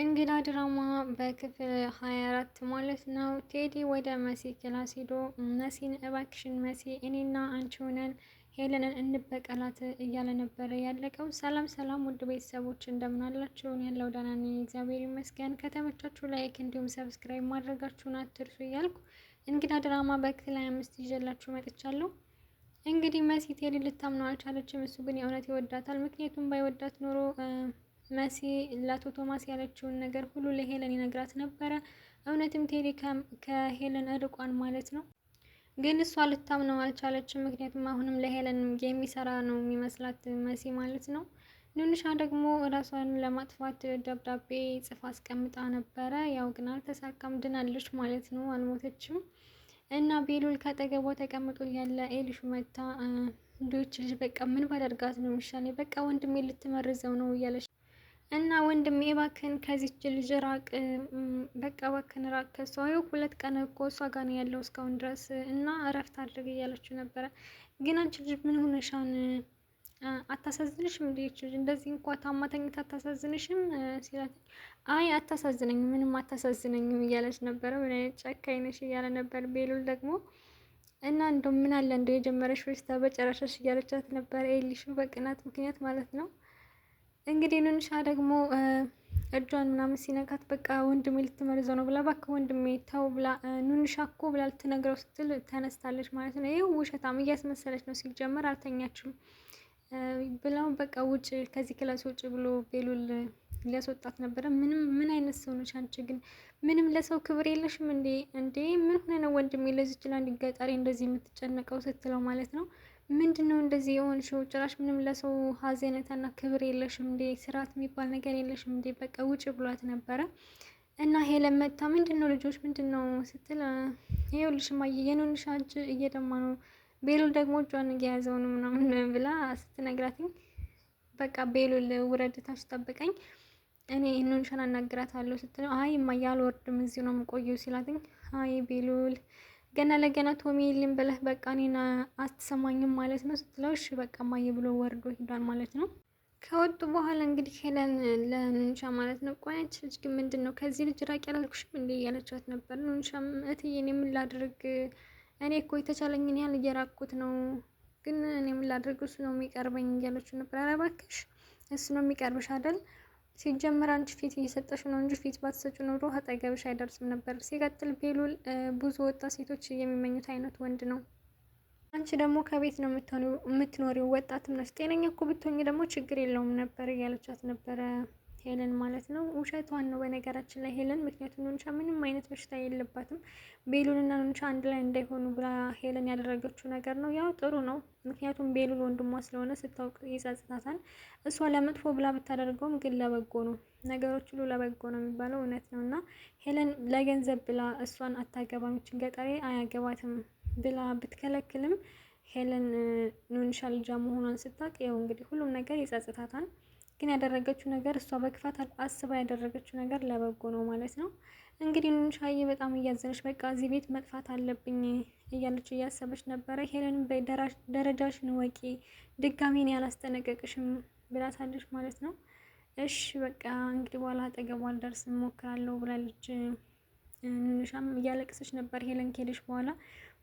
እንግዳ ድራማ በክፍል 24 ማለት ነው። ቴዲ ወደ መሲ ክላስ ሄዶ መሲን እባክሽን መሲ እኔና አንቺ ሆነን ሄለንን እንበቀላት እያለ ነበረ ያለቀው። ሰላም ሰላም፣ ውድ ቤተሰቦች እንደምን አላችሁን? ያለው ደህና ነኝ እግዚአብሔር ይመስገን። ከተመቻችሁ ላይክ እንዲሁም ሰብስክራይብ ማድረጋችሁን አትርሱ እያልኩ እንግዳ ድራማ በክፍል 25 ይዤላችሁ መጥቻለሁ። እንግዲህ መሲ ቴዲ ልታምነው አልቻለችም። እሱ ግን የእውነት ይወዳታል። ምክንያቱም ባይወዳት ኖሮ መሲ ለአቶ ቶማስ ያለችውን ነገር ሁሉ ለሄለን ይነግራት ነበረ። እውነትም ቴዲ ከሄለን እርቋን ማለት ነው። ግን እሷ ልታምነው አልቻለችም። ምክንያቱም አሁንም ለሄለን የሚሰራ ነው የሚመስላት መሲ ማለት ነው። ኑንሻ ደግሞ ራሷን ለማጥፋት ደብዳቤ ጽፋ አስቀምጣ ነበረ። ያው ግን አልተሳካም፣ ድናለች ማለት ነው። አልሞተችም። እና ቤሉል ከአጠገቧ ተቀምጦ ያለ ኤልሹ መታ እንዶች ልጅ በቃ ምን ባደርጋት ነው የሚሻለኝ? በቃ ወንድሜ ልትመርዘው ነው እያለች እና ወንድም እባክህን ከዚች ልጅ ራቅ፣ በቃ እባክህን ራቅ ከሷ። ይኸው ሁለት ቀን እኮ እሷ ጋር ነው ያለው እስካሁን ድረስ እና እረፍት አድርግ እያለችው ነበረ። ግን አንቺ ልጅ ምን ሆነሻን? አታሳዝንሽም? ልጅ እንደዚህ እንኳ ታማተኝት አታሳዝንሽም? ሲላት አይ አታሳዝነኝም፣ ምንም አታሳዝነኝም እያለች ነበረ። ምን አይነት ጨካኝ ነሽ እያለ ነበር ቤሉል ደግሞ እና እንደው ምን አለ እንደው የጀመረሽ በሽታ በጨረሻሽ እያለቻት ነበር። ኤሊሹ በቅናት ምክንያት ማለት ነው። እንግዲህ ንንሻ ደግሞ እጇን ምናምን ሲነካት በቃ ወንድሜ ልትመርዘው ነው ብላ እባክህ ወንድሜ ተው ብላ ኑንሻ እኮ ብላ ልትነግረው ስትል ተነስታለች ማለት ነው። ይህ ውሸታም እያስመሰለች ነው ሲጀመር አልተኛችም ብለው በቃ ውጭ ከዚህ ክላስ ውጭ ብሎ ቤሉል ሊያስወጣት ነበረ። ምንም ምን አይነት ሰው ነች አንቺ? ግን ምንም ለሰው ክብር የለሽም እንዴ? እንዴ ምን ሆነ ነው ወንድሜ? ለዚህ ችላንድ እንዲገጠሪ እንደዚህ የምትጨነቀው ስትለው ማለት ነው ምንድን ነው እንደዚህ የሆንሽው? ጭራሽ ምንም ለሰው ሀዘኔታና ክብር የለሽም እንዴ? ስርዓት የሚባል ነገር የለሽም እንዴ? በቃ ውጭ ብሏት ነበረ። እና ሄለን መታ ምንድን ነው ልጆች ምንድን ነው ስትል ይኸውልሽማ የኑንሽ እጅ እየደማ ነው፣ ቤሉል ደግሞ እጇን እየያዘው ነው ምናምን ብላ ስትነግራትኝ በቃ ቤሉል ውረድታች ጠብቀኝ እኔ ይህንን ኑንሻን አናግራታለሁ ስትለው አይ እማዬ አልወርድም እዚሁ ነው የምቆየው ሲላትኝ አይ ቤሉል ገና ለገና ቶሚ የለም በለህ በቃ እኔን አትሰማኝም ማለት ነው ስትለው እሺ በቃ እማዬ ብሎ ወርዶ ሂዷል ማለት ነው። ከወጡ በኋላ እንግዲህ ሄለን ለኑንሻ ማለት ነው ቆያች አንቺ ልጅ ግን ምንድን ነው ከዚህ ልጅ ራቅ ያላልኩሽም እንዲ እያለቻት ነበር። ኑንሻም እትዬ እኔ ምን ላድርግ እኔ እኮ የተቻለኝን ያህል እየራቅኩት ነው ግን እኔ ምን ላድርግ እሱ ነው የሚቀርበኝ እያለችው ነበር። ኧረ እባክሽ እሱ ነው የሚቀርብሽ አይደል ሲጀመር አንቺ ፊት እየሰጠሽ ነው እንጂ ፊት ባትሰጩ ኖሮ አጠገብሽ አይደርስም ነበር። ሲቀጥል ቤሉል ብዙ ወጣት ሴቶች የሚመኙት አይነት ወንድ ነው። አንቺ ደግሞ ከቤት ነው የምትኖሪው፣ ወጣትም ነች። ጤነኛ እኮ ብትሆኝ ደግሞ ችግር የለውም ነበር እያለቻት ነበረ። ሄለን ማለት ነው። ውሸቷን ነው በነገራችን ላይ ሄለን፣ ምክንያቱም ኑንሻ ምንም አይነት በሽታ የለባትም። ቤሉልና ኑንሻ አንድ ላይ እንዳይሆኑ ብላ ሄለን ያደረገችው ነገር ነው። ያው ጥሩ ነው፣ ምክንያቱም ቤሉል ወንድሟ ስለሆነ ስታውቅ ይጸጽታታል። እሷ ለመጥፎ ብላ ብታደርገውም ግን ለበጎ ነው፣ ነገሮች ሁሉ ለበጎ ነው የሚባለው እውነት ነው። እና ሄለን ለገንዘብ ብላ እሷን አታገባምችን ይችን ገጠሬ አያገባትም ብላ ብትከለክልም ሄለን ኑንሻ ልጃ መሆኗን ስታውቅ ያው እንግዲህ ሁሉም ነገር ይጸጽታታል። ግን ያደረገችው ነገር እሷ በክፋት አስባ ያደረገችው ነገር ለበጎ ነው ማለት ነው። እንግዲህ ንንሻዬ በጣም እያዘነች በቃ እዚህ ቤት መጥፋት አለብኝ እያለች እያሰበች ነበረ። ሄለን ደረጃሽን ወቂ ድጋሜን ያላስጠነቀቅሽም ብላታለች ማለት ነው። እሽ በቃ እንግዲህ በኋላ አጠገቧ ልደርስ እሞክራለሁ ብላለች። ኑሻም እያለቀሰች ነበር ሄለን ከሄደች በኋላ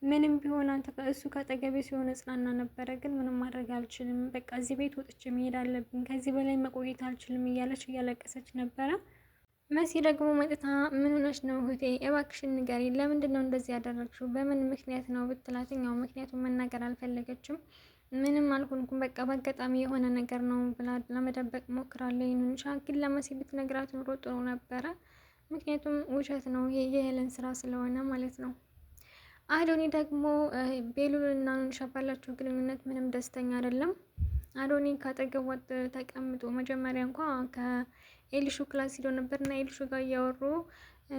ምንም ቢሆን አንተ እሱ ከጠገቤ ሲሆን እጽናና ነበረ፣ ግን ምንም ማድረግ አልችልም፣ በቃ እዚህ ቤት ወጥቼ መሄድ አለብኝ፣ ከዚህ በላይ መቆየት አልችልም እያለች እያለቀሰች ነበረ። መሲ ደግሞ መጥታ ምን ነው እህቴ፣ እባክሽን ንገሪኝ፣ ለምንድን ነው እንደዚህ ያደረግሽው? በምን ምክንያት ነው ብትላትኝ፣ ያው ምክንያቱም መናገር አልፈለገችም። ምንም አልሆንኩም፣ በቃ በአጋጣሚ የሆነ ነገር ነው ብላ ለመደበቅ ሞክራለች። ኑንሻ ግን ለመሲ ብትነግራት ኑሮ ጥሩ ነበረ። ምክንያቱም ውሸት ነው ይሄ የሄለን ስራ ስለሆነ ማለት ነው። አዶኒ ደግሞ ቤሉልና ኑንሻ ባላቸው ግንኙነት ምንም ደስተኛ አይደለም። አዶኒ ወጥ ተቀምጦ መጀመሪያ እንኳ ከኤልሹ ክላስ ሄዶ ነበር እና ኤልሹ ጋር እያወሩ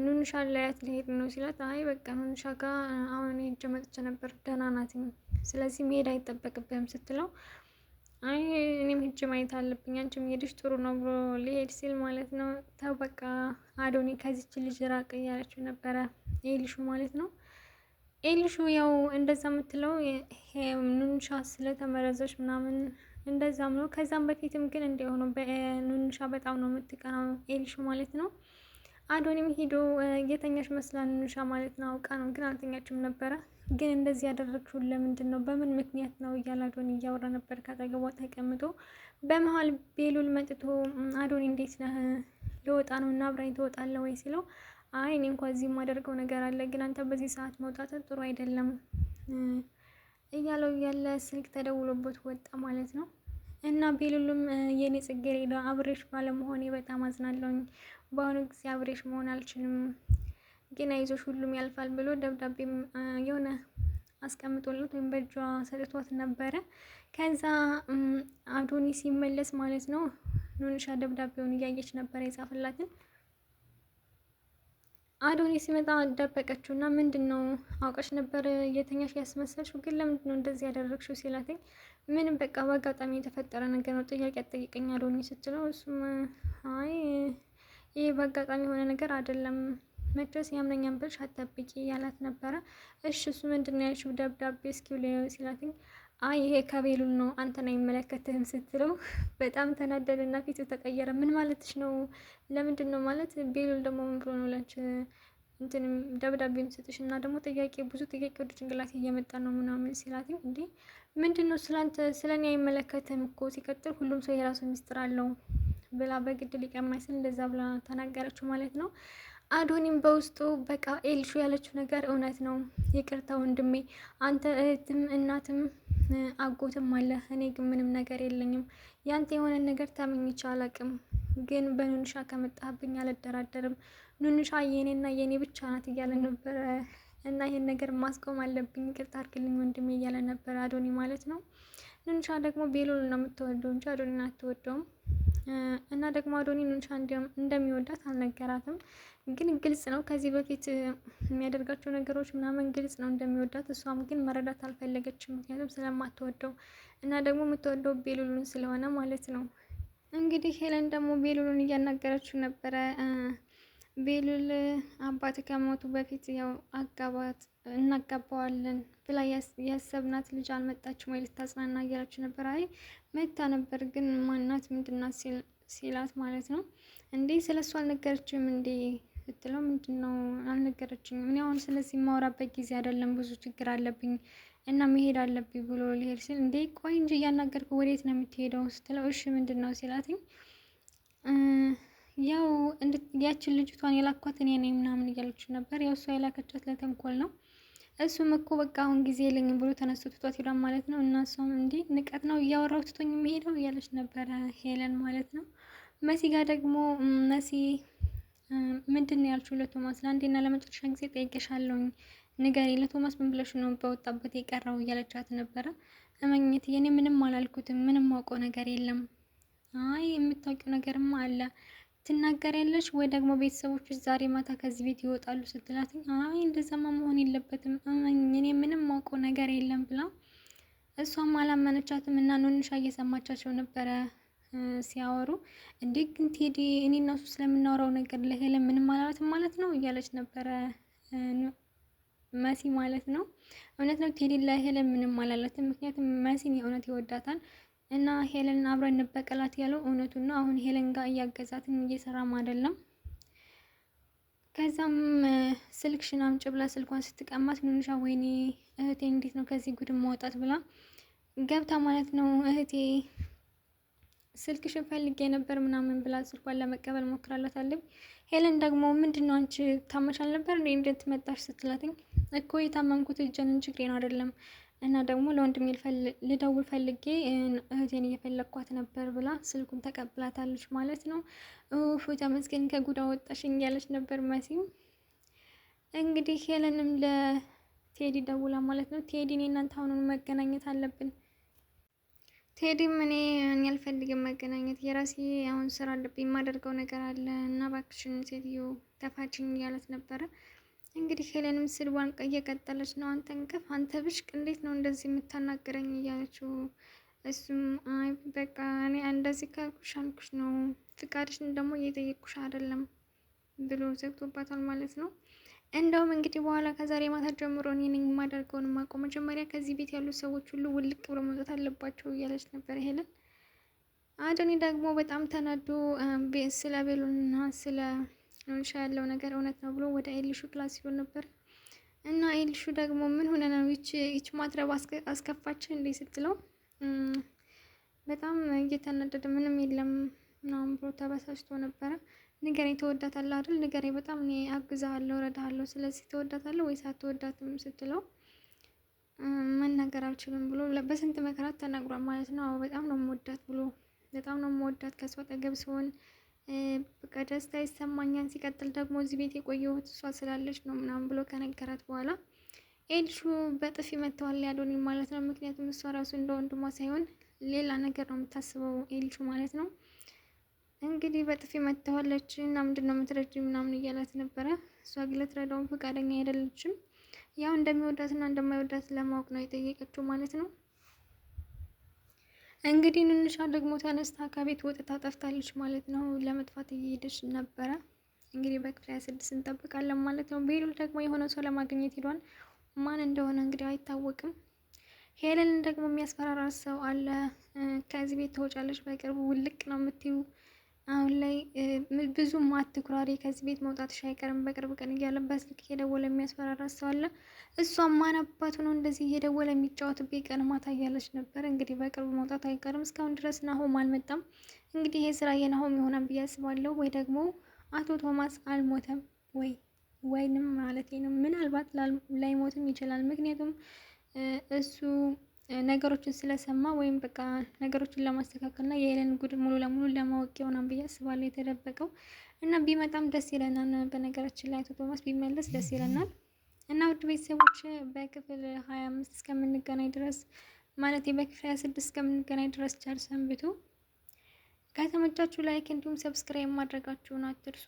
ኑንሻ ላያት ሊሄድ ነው ሲላት፣ አይ በቃ ኑንሻ ጋር አሁን ሄጄ መጥቼ ነበር ደህና ናት፣ ስለዚህ መሄድ አይጠበቅብህም ስትለው፣ አይ እኔም ሄጄ ማየት አለብኝ አንቺም ሄድሽ ጥሩ ነው ብሎ ሊሄድ ሲል ማለት ነው ተው በቃ አዶኒ ከዚች ልጅ ራቅ እያለችው ነበረ ኤልሹ ማለት ነው። ኤልሹ ያው እንደዛ የምትለው ኑንሻ ስለተመረዘች ምናምን እንደዛም ነው። ከዛም በፊትም ግን እንዲሆኑ በኑንሻ በጣም ነው የምትቀናው ኤልሹ ማለት ነው። አዶኒም ሂዶ የተኛች መስላ ኑንሻ ማለት ነው አውቃ ነው፣ ግን አልተኛችም ነበረ። ግን እንደዚህ ያደረግሽውን ለምንድን ነው በምን ምክንያት ነው እያለ አዶኒ እያወራ ነበር ከጠገቧ ተቀምጦ በመሀል ቤሉል መጥቶ አዶን እንዴት ነህ ልወጣ ነው እና አብራኝ ትወጣለህ ወይ ሲለው አይ እኔ እንኳ እዚህ የማደርገው ነገር አለ፣ ግን አንተ በዚህ ሰዓት መውጣት ጥሩ አይደለም እያለው እያለ ስልክ ተደውሎበት ወጣ ማለት ነው። እና ቤሉልም የኔ ጽጌረዳ አብሬሽ ባለመሆኔ በጣም አዝናለሁኝ። በአሁኑ ጊዜ አብሬሽ መሆን አልችልም፣ ግን አይዞሽ ሁሉም ያልፋል ብሎ ደብዳቤም የሆነ አስቀምጦላት ወይም በእጇ ሰጥቷት ነበረ። ከዛ አዶኒ ሲመለስ ማለት ነው ኑንሻ ደብዳቤውን እያየች ነበረ የጻፈላትን። አዶኒ ሲመጣ ደበቀችው እና ምንድን ነው አውቀሽ ነበር የተኛሽ ያስመሰልሽው፣ ግን ለምንድን ነው እንደዚህ ያደረግሽው ሲላትኝ ምንም በቃ በአጋጣሚ የተፈጠረ ነገር ነው ጥያቄ አጠይቀኝ አዶኒ ስትለው እሱም አይ ይህ በአጋጣሚ የሆነ ነገር አይደለም መድረስ ያምነኛን ብልሽ አጠብቂ ያላት ነበረ። እሺ እሱ ምንድን ያልሽው ደብዳቤ እስኪ ሲላትኝ አይ ይሄ ከቤሉል ነው አንተን አይመለከትህም ስትለው በጣም ተናደደና ፊቱ ተቀየረ። ምን ማለትሽ ነው? ለምንድን ነው ማለት ቤሉል ደግሞ ምን ብሎ ነው ላንቺ እንትንም ደብዳቤ ስጥሽ እና ደግሞ ጥያቄ ብዙ ጥያቄ ወደ ጭንቅላት እየመጣ ነው ምናምን ሲላትኝ እንዴ ምንድን ነው ስለአንተ ስለ እኔ አይመለከትም እኮ ሲቀጥል ሁሉም ሰው የራሱ ሚስጥር አለው ብላ በግድ ሊቀማኝ ስል እንደዛ ብላ ተናገረችው ማለት ነው። አዶኒም በውስጡ በቃ ኤልሹ ያለችው ነገር እውነት ነው። ይቅርታ ወንድሜ፣ አንተ እህትም እናትም አጎትም አለ። እኔ ግን ምንም ነገር የለኝም። ያንተ የሆነ ነገር ተመኝቼ አላቅም፣ ግን በኑንሻ ከመጣህብኝ አልደራደርም። ኑንሻ የኔና የኔ ብቻ ናት እያለ ነበረ እና ይህን ነገር ማስቆም አለብኝ፣ ይቅርታ አድርግልኝ ወንድሜ እያለ ነበረ አዶኒ ማለት ነው። ኑንሻ ደግሞ ቤሎል ነው የምትወደው እንጂ አዶኒን አትወደውም። እና ደግሞ አዶኒ ኑንሻ እንደሚወዳት አልነገራትም፣ ግን ግልጽ ነው። ከዚህ በፊት የሚያደርጋቸው ነገሮች ምናምን ግልጽ ነው እንደሚወዳት። እሷም ግን መረዳት አልፈለገችም፣ ምክንያቱም ስለማትወደው እና ደግሞ የምትወደው ቤሉሉን ስለሆነ ማለት ነው። እንግዲህ ሄለን ደግሞ ቤሉሉን እያናገረችው ነበረ። ቤሉል አባት ከሞቱ በፊት ያው አጋባት እናጋባዋለን ብላ ያሰብናት ልጅ አልመጣችም ወይ ልታጽናና እያላችሁ ነበር። አይ መታ ነበር ግን ማናት ምንድናት ሲላት ማለት ነው እንዴ ስለ እሱ አልነገረችም እንዴ ስትለው ምንድን ነው አልነገረችኝም። እኔ አሁን ስለዚህ የማወራበት ጊዜ አይደለም፣ ብዙ ችግር አለብኝ እና መሄድ አለብኝ ብሎ ሊሄድ ሲል እንዴ ቆይ እንጂ እያናገርኩ ወዴት ነው የምትሄደው ስትለው እሺ ምንድን ነው ሲላትኝ ያው ያችን ልጅቷን የላኳት እኔ ነኝ ምናምን እያለች ነበር። ያው እሷ የላከቻት ለተንኮል ነው። እሱም እኮ በቃ አሁን ጊዜ የለኝም ብሎ ተነስቶ ትቷት ሄዷል ማለት ነው። እና እሷም እንዲህ ንቀት ነው እያወራው ትቶኝ የሚሄደው እያለች ነበረ ሄለን ማለት ነው። መሲ ጋር ደግሞ መሲ ምንድን ነው ያልችው ለቶማስ ለአንዴና ለመጨረሻ ጊዜ ጠይቄሻለሁኝ ንገሪ ለቶማስ ምን ብለሽ ነው በወጣበት የቀረው እያለቻት ነበረ። እመኝት የኔ ምንም አላልኩትም ምንም ማውቀው ነገር የለም። አይ የምታውቂው ነገርም አለ ትናገር ያለች ወይ ደግሞ ቤተሰቦች ዛሬ ማታ ከዚህ ቤት ይወጣሉ ስትላት አይ እንደዛማ መሆን የለበትም እኔ ምንም ማውቀው ነገር የለም ብላ እሷም አላመነቻትም እና ኑንሻ እየሰማቻቸው ነበረ ሲያወሩ እንዴ ግን ቴዲ እኔ እና እሱ ስለምናወራው ነገር ለሄለን ምንም አላላትም ማለት ነው እያለች ነበረ መሲ ማለት ነው እውነት ነው ቴዲ ለሄለን ምንም አላላትም ምክንያቱም መሲን የእውነት ይወዳታል እና ሄለን አብረን እንበቀላት ያለው እውነቱን ነው። አሁን ሄለን ጋር እያገዛትን እየሰራም አይደለም። ከዛም ስልክሽን አምጪ ብላ ስልኳን ስትቀማት ኑንሻ ወይኔ እህቴ እንዴት ነው ከዚህ ጉድ ማውጣት ብላ ገብታ ማለት ነው እህቴ ስልክሽን ፈልጌ ነበር ምናምን ብላ ስልኳን ለመቀበል ሞክራላታለች። ሄለን ደግሞ ምንድን ነው አንቺ ታመሻል ነበር እንዴ መጣሽ ስትላትኝ እኮ የታመምኩት እጄን ችግሬን አይደለም እና ደግሞ ለወንድሜ ልደውል ፈልጌ እህቴን እየፈለግኳት ነበር ብላ ስልኩን ተቀብላታለች ማለት ነው። ኡፍ ተመስገን ከጉዳ ወጣሽኝ ያለች ነበር መሲም እንግዲህ ሄለንም ለቴዲ ደውላ ማለት ነው። ቴዲ እኔ እናንተ አሁኑን መገናኘት አለብን። ቴዲም እኔ እኔ አልፈልግም መገናኘት፣ የራሴ አሁን ስራ አለብኝ፣ የማደርገው ነገር አለ እና እባክሽን ሴትዮ ተፋችኝ እያለት ነበረ። እንግዲህ ሄለንም ስድቧን እየቀጠለች ነው። አንተ እንቅፍ፣ አንተ ብሽቅ፣ እንዴት ነው እንደዚህ የምታናገረኝ እያለችው እሱም አይ በቃ እኔ እንደዚህ ካልኩሽ አልኩሽ ነው፣ ፍቃድሽን ደግሞ እየጠየቅኩሽ አይደለም ብሎ ዘግቶባታል ማለት ነው። እንደውም እንግዲህ በኋላ ከዛሬ ማታ ጀምሮ እኔ ነኝ የማደርገውን ማቆ መጀመሪያ ከዚህ ቤት ያሉ ሰዎች ሁሉ ውልቅ ብሎ መውጣት አለባቸው እያለች ነበር ሄለን። አደኔ ደግሞ በጣም ተናዶ ስለ ቤሉና ስለ ነው ያለው ነገር እውነት ነው ብሎ ወደ ኤልሹ ክላስ ሲሆን ነበር እና ኤልሹ ደግሞ ምን ሆነ ነው ይች ማትረብ አስከፋች እንዴ ስትለው በጣም እየተናደደ ምንም የለም ምናምን ብሎ ተበሳጭቶ ነበረ። ንገሬ ተወዳታለህ አይደል? ንገሬ በጣም እኔ አግዛለሁ፣ ረዳሃለሁ። ስለዚህ ተወዳታለህ ወይስ አትወዳትም ስትለው መናገር አልችልም ብሎ በስንት መከራት ተናግሯል ማለት ነው። አዎ በጣም ነው የምወዳት ብሎ በጣም ነው የምወዳት ከሷ አጠገብ ሲሆን በቃ ደስታ ይሰማኛል። ሲቀጥል ደግሞ እዚህ ቤት የቆየሁት እሷ ስላለች ነው ምናምን ብሎ ከነገራት በኋላ ኤልሹ በጥፊ መተዋል ያሉን ማለት ነው። ምክንያቱም እሷ ራሱ እንደ ወንድሟ ሳይሆን ሌላ ነገር ነው የምታስበው ኤልሹ ማለት ነው። እንግዲህ በጥፊ መተዋለች እና ምንድን ነው የምትረጅ ምናምን እያላት ነበረ። እሷ ግለት ረዳውን ፈቃደኛ አይደለችም። ያው እንደሚወዳትና እንደማይወዳት ለማወቅ ነው የጠየቀችው ማለት ነው። እንግዲህ ንንሻ ደግሞ ተነስታ ከቤት ወጥታ ጠፍታለች ማለት ነው። ለመጥፋት እየሄደች ነበረ። እንግዲህ በክፍል ስድስት እንጠብቃለን ማለት ነው። ቤሉል ደግሞ የሆነ ሰው ለማግኘት ሄዷል። ማን እንደሆነ እንግዲህ አይታወቅም። ሄለንን ደግሞ የሚያስፈራራ ሰው አለ። ከዚህ ቤት ትወጫለች፣ በቅርቡ ውልቅ ነው የምትዩ አሁን ላይ ብዙ ማትኩራሪ ከዚህ ቤት መውጣትሽ አይቀርም በቅርብ ቀን እያለ በስልክ እየደወለ የሚያስፈራራት ሰው አለ። ማን ማናባቱ ነው እንደዚህ እየደወለ የሚጫወትበት ቀን ማታ እያለች ነበር። እንግዲህ በቅርብ መውጣት አይቀርም። እስካሁን ድረስ ናሆም አልመጣም። እንግዲህ ይሄ ስራ የናሆም የሆነ ብዬ አስባለሁ። ወይ ደግሞ አቶ ቶማስ አልሞተም ወይ ወይንም ማለት ነው ምናልባት ላይሞትም ይችላል። ምክንያቱም እሱ ነገሮችን ስለሰማ ወይም በቃ ነገሮችን ለማስተካከል እና የሄለን ጉድ ሙሉ ለሙሉ ለማወቅ ይሆናል ብዬ አስባለሁ የተደበቀው እና ቢመጣም ደስ ይለናል። በነገራችን ላይ አቶ ቶማስ ቢመለስ ደስ ይለናል እና ውድ ቤተሰቦች በክፍል ሀያ አምስት እስከምንገናኝ ድረስ ማለት በክፍል ሀያ ስድስት እስከምንገናኝ ድረስ ቸር ሰንብቱ። ከተመቻችሁ ላይክ እንዲሁም ሰብስክራይብ ማድረጋችሁን አትርሱ።